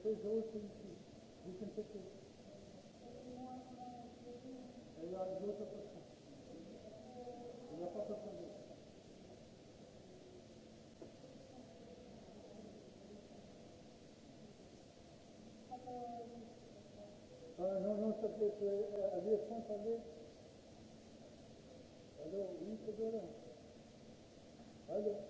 So those things we can take it. You are a beautiful person. You are part of the world. Uh, non, non, ça peut être euh, à l'UFM, ça veut Alors, oui, c'est bien là. Alors.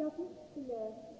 Jag tyckte